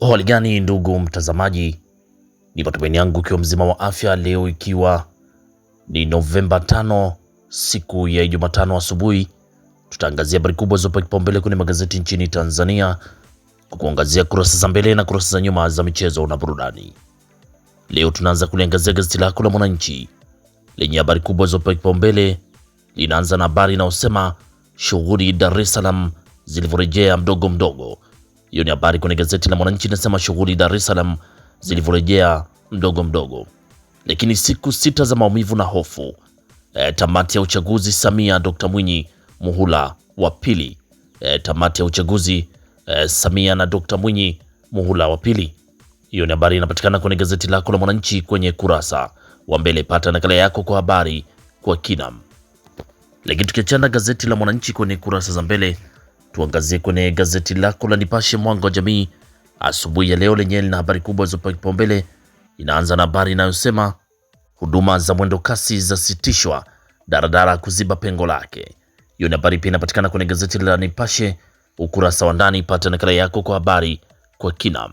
Hali gani ndugu mtazamaji, ni matumaini yangu ikiwa mzima wa afya. Leo ikiwa ni Novemba tano, siku ya Jumatano asubuhi, tutaangazia habari kubwa zopa kipaumbele kwenye magazeti nchini Tanzania kwa kuangazia kurasa za mbele na kurasa za nyuma za michezo na burudani. Leo tunaanza kuliangazia gazeti lako la Mwananchi lenye habari kubwa zopa kipaumbele, linaanza na habari inayosema shughuli Dar es Salaam zilivyorejea mdogo mdogo hiyo ni habari kwenye gazeti la Mwananchi, inasema shughuli Dar es Salaam zilivyorejea mdogo mdogo, lakini siku sita za maumivu na hofu. E, tamati ya uchaguzi Samia Dr. Mwinyi muhula wa pili. E, tamati ya uchaguzi e, Samia na Dr. Mwinyi muhula wa pili. Hiyo ni habari inapatikana kwenye gazeti lako la Mwananchi kwenye kurasa wa mbele. Pata nakala yako kwa habari kwa kinam. Lakini tukiachana gazeti la Mwananchi kwenye kurasa za mbele Tuangazie kwenye gazeti lako la Nipashe mwanga wa jamii asubuhi ya leo, lenyewe lina habari kubwa zilizopewa kipaumbele. Inaanza na habari inayosema huduma za mwendo kasi zasitishwa, daradara kuziba pengo lake. Hiyo ni habari pia inapatikana kwenye gazeti la Nipashe ukurasa wa ndani, pata nakala yako kwa habari kwa kina.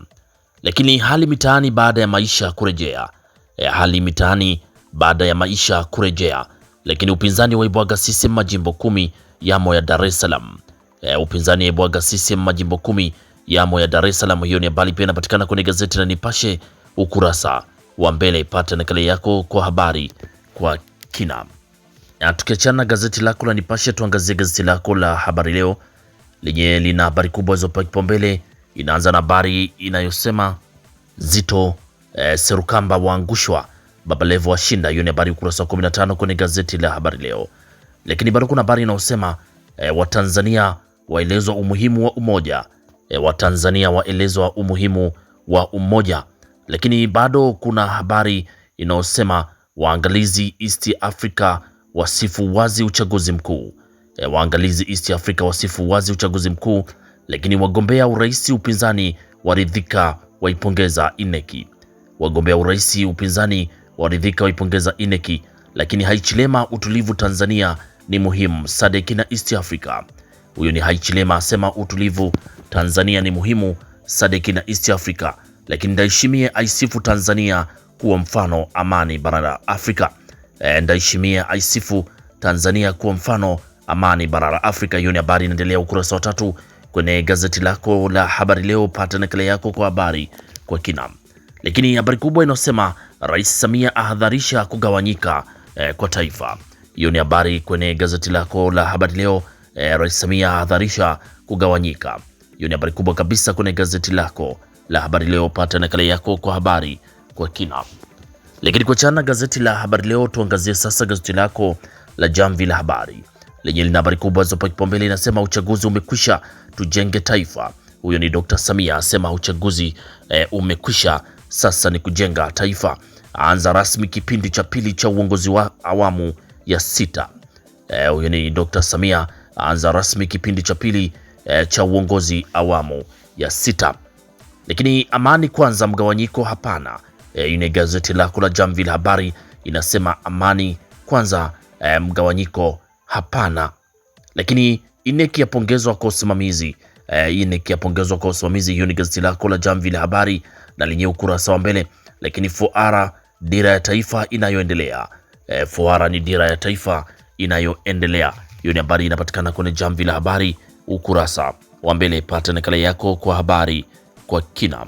Lakini hali mitaani baada ya maisha kurejea e, hali mitaani baada ya maisha kurejea. Lakini upinzani waibwaga sisi majimbo kumi yamo ya Dar es Salaam e, upinzani bwaga CCM majimbo kumi yamo ya Dar es Salaam. Hiyo ni habari pia inapatikana kwenye gazeti la Nipashe ukurasa wa mbele. Pata nakala yako kwa habari kwa kina. Na Tukiachana gazeti lako la Nipashe, tuangazie gazeti lako la Habari Leo lenye lina habari kubwa zilizopewa kipaumbele. Inaanza na habari inayosema Zito e, Serukamba waangushwa Babalevo washinda. Hiyo ni habari ukurasa wa 15 kwenye gazeti la Habari Leo, lakini bado kuna habari inayosema e, eh, Watanzania waelezwa umuhimu wa umoja e, eh, Watanzania waelezwa umuhimu wa umoja, lakini bado kuna habari inayosema waangalizi East Africa wasifu wazi uchaguzi mkuu e, waangalizi East Africa wasifu wazi uchaguzi mkuu, lakini wagombea urais upinzani waridhika waipongeza ineki e wagombea urais upinzani waridhika waipongeza ineki. E lakini Haichilema utulivu Tanzania ni muhimu Sadeki na East Africa. Huyo ni Haichilema asema utulivu Tanzania ni muhimu Sadeki na East Africa, lakini Ndayishimiye aisifu Tanzania kuwa mfano amani bara Afrika. E, Ndayishimiye aisifu Tanzania kuwa mfano amani bara Afrika. Hiyo ni habari inaendelea ukurasa wa tatu kwenye gazeti lako la habari leo. Pata nakala yako kwa habari kwa kina. Lakini habari kubwa inayosema Rais Samia ahadharisha kugawanyika e, kwa taifa hiyo ni habari kwenye gazeti lako la habari leo. E, Rais Samia hadharisha kugawanyika. Hiyo ni habari kubwa kabisa kwenye gazeti lako la habari leo, pata nakala yako kwa habari kwa kina. Lakini kwa chana gazeti la habari leo, tuangazie sasa gazeti lako la Jamvi la Habari lenye lina habari kubwa zopa kipaumbele, inasema uchaguzi umekwisha, tujenge taifa. Huyo ni Dr. Samia asema uchaguzi e, umekwisha, sasa ni kujenga taifa. Aanza rasmi kipindi cha pili cha uongozi wa awamu ya sita. Eh, huyo e, ni Dr. Samia aanza rasmi kipindi cha pili e, cha uongozi awamu ya sita. Lakini amani kwanza, mgawanyiko hapana. Eh, e, ni gazeti lako la Jamvi la Habari inasema amani kwanza, e, mgawanyiko hapana. Lakini INEC yapongezwa kwa usimamizi e, INEC yapongezwa kwa usimamizi. Hiyo ni gazeti lako la Jamvi la Habari na lenye ukurasa wa mbele. Lakini fuara dira ya taifa inayoendelea e, Fuara ni dira ya taifa inayoendelea. Hiyo ni habari inapatikana kwenye Jamvi la Habari ukurasa wa mbele. Pata nakala yako kwa habari kwa kina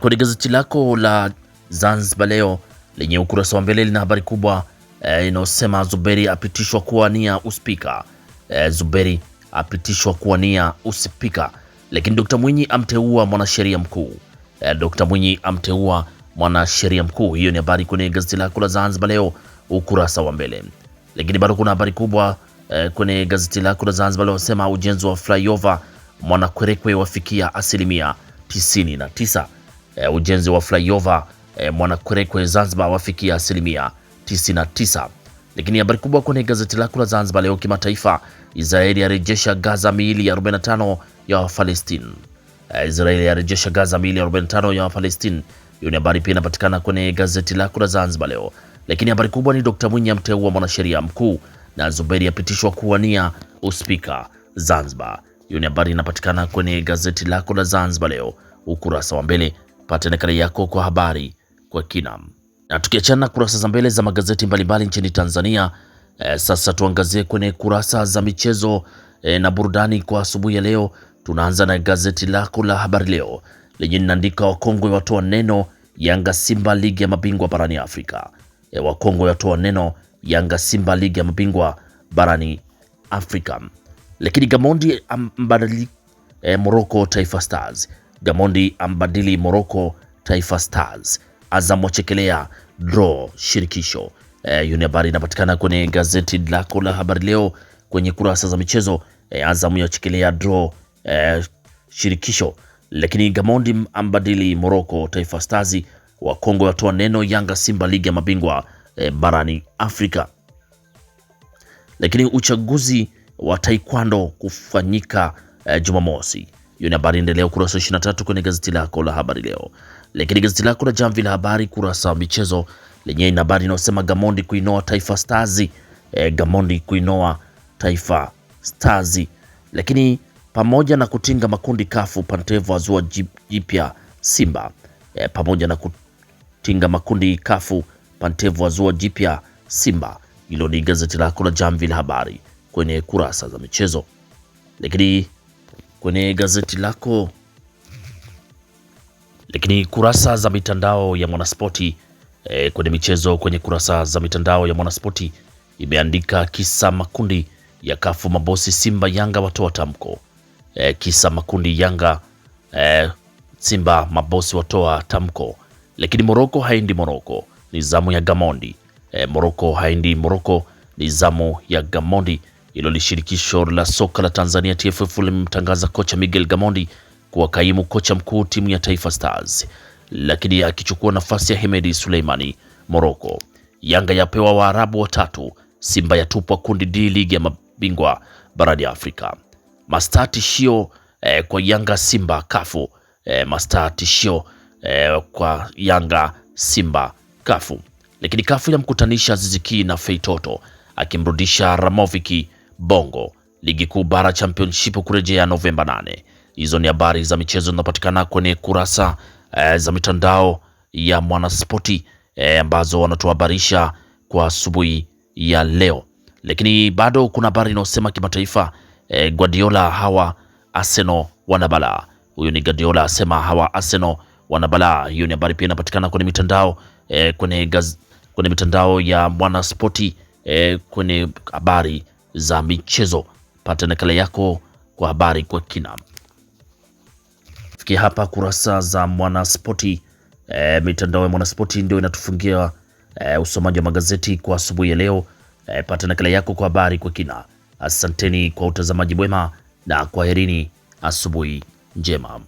kwenye gazeti lako la Zanzibar Leo lenye ukurasa wa mbele lina habari kubwa e, inayosema Zuberi apitishwa kuwania uspika. E, Zuberi apitishwa kuwania uspika, lakini Dr. Mwinyi amteua mwanasheria mkuu. E, Dr. Mwinyi amteua mwanasheria mkuu. Hiyo ni habari kwenye gazeti lako la Zanzibar Leo ukurasa wa mbele. Lakini bado kuna habari kubwa eh, kwenye gazeti lako la Zanzibar linalosema ujenzi wa flyover Mwanakwerekwe wafikia asilimia 99. Eh, ujenzi wa flyover eh, Mwanakwerekwe Zanzibar wafikia asilimia 99. Lakini habari kubwa kwenye gazeti lako la Zanzibar leo kimataifa, Israeli yarejesha Gaza miili ya 45 ya Wafalestini. Eh, Israeli yarejesha Gaza miili ya 45 ya Wafalestini. Hiyo ni habari pia inapatikana kwenye gazeti lako la Zanzibar leo. Lakini habari kubwa ni Dr. Mwinyi amteua mwanasheria mkuu na Zuberi apitishwa kuwania uspika Zanzibar. Hiyo ni habari inapatikana kwenye gazeti lako la Zanzibar leo ukurasa wa mbele. Pata nakala yako kwa habari kwa kina. Na tukiachana kurasa za mbele za magazeti mbalimbali nchini Tanzania, e, sasa tuangazie kwenye kurasa za michezo e, na burudani kwa asubuhi ya leo. Tunaanza na gazeti lako la habari leo lenye linaandika wakongwe watoa neno Yanga Simba ligi ya mabingwa barani Afrika. E, wa Kongo yatoa neno Yanga Simba ligi ya mabingwa barani Afrika. Lakini Gamondi ambadili e, Morocco Taifa Stars. Gamondi ambadili Morocco Taifa Stars. Azam wachekelea draw shirikisho. E, hiyo ni habari inapatikana kwenye gazeti lako la habari leo kwenye kurasa za michezo. E, Azam yachekelea draw e, shirikisho. Lakini Gamondi ambadili Morocco Taifa Stars Wakongwe watoa neno Yanga Simba ligi ya mabingwa e, barani Afrika. Lakini uchaguzi wa taekwondo kufanyika e, Jumamosi. Hiyo ni habari endelea ukurasa 23 kwenye gazeti lako la habari leo. Lakini gazeti lako la Jamvi la Habari kurasa wa michezo lenye ina habari inayosema Gamondi kuinoa Taifa Stars. E, Gamondi kuinoa Taifa Stars. Lakini pamoja na kutinga makundi kafu Pantevo azua jipya Simba e, pamoja na kutinga tinga makundi kafu Pantevu wazua jipya Simba. Hilo ni gazeti lako la Jamvi la Habari kwenye kurasa za michezo. Lakini kwenye gazeti lako lakini kurasa za mitandao ya Mwanaspoti e, kwenye michezo kwenye kurasa za mitandao ya Mwanaspoti imeandika kisa makundi ya kafu mabosi Simba Yanga watoa tamko. E, kisa makundi Yanga e, Simba mabosi watoa tamko lakini Moroko haendi Moroko, ni zamu ya Gamondi. E, Moroko haendi Moroko, ni zamu ya Gamondi. Hilo ni shirikisho la soka la Tanzania TFF limemtangaza kocha Miguel Gamondi kuwa kaimu kocha mkuu timu ya Taifa Stars, lakini akichukua nafasi ya Hemedi Suleimani. Moroko, Yanga yapewa Waarabu watatu. Simba yatupwa kundi D ligi ya mabingwa barani Afrika. Mastaa tishio eh, kwa Yanga Simba kafu eh, mastaa tishio e, kwa Yanga, Simba, Kafu. Lakini Kafu inamkutanisha Ziziki na Feitoto akimrudisha Ramoviki Bongo. Ligi Kuu Bara Championship kurejea Novemba 8. Hizo ni habari za michezo zinapatikana kwenye kurasa e, za mitandao ya Mwanaspoti e, ambazo wanatuhabarisha kwa asubuhi ya leo, lakini bado kuna habari inayosema kimataifa e, Guardiola hawa Arsenal wanabala. Huyu ni Guardiola asema hawa Arsenal wana balaa. Hiyo ni habari pia inapatikana kwenye mitandao eh, kwenye, gaz, kwenye mitandao ya Mwanaspoti eh, kwenye habari za michezo. Pata nakala yako kwa habari kwa kina. Fikia hapa kurasa za Mwanaspoti eh, mitandao ya Mwanaspoti ndio inatufungia eh, usomaji wa magazeti kwa asubuhi ya leo. Eh, pata nakala yako kwa habari kwa kina. Asanteni kwa utazamaji mwema na kwaherini, asubuhi njema.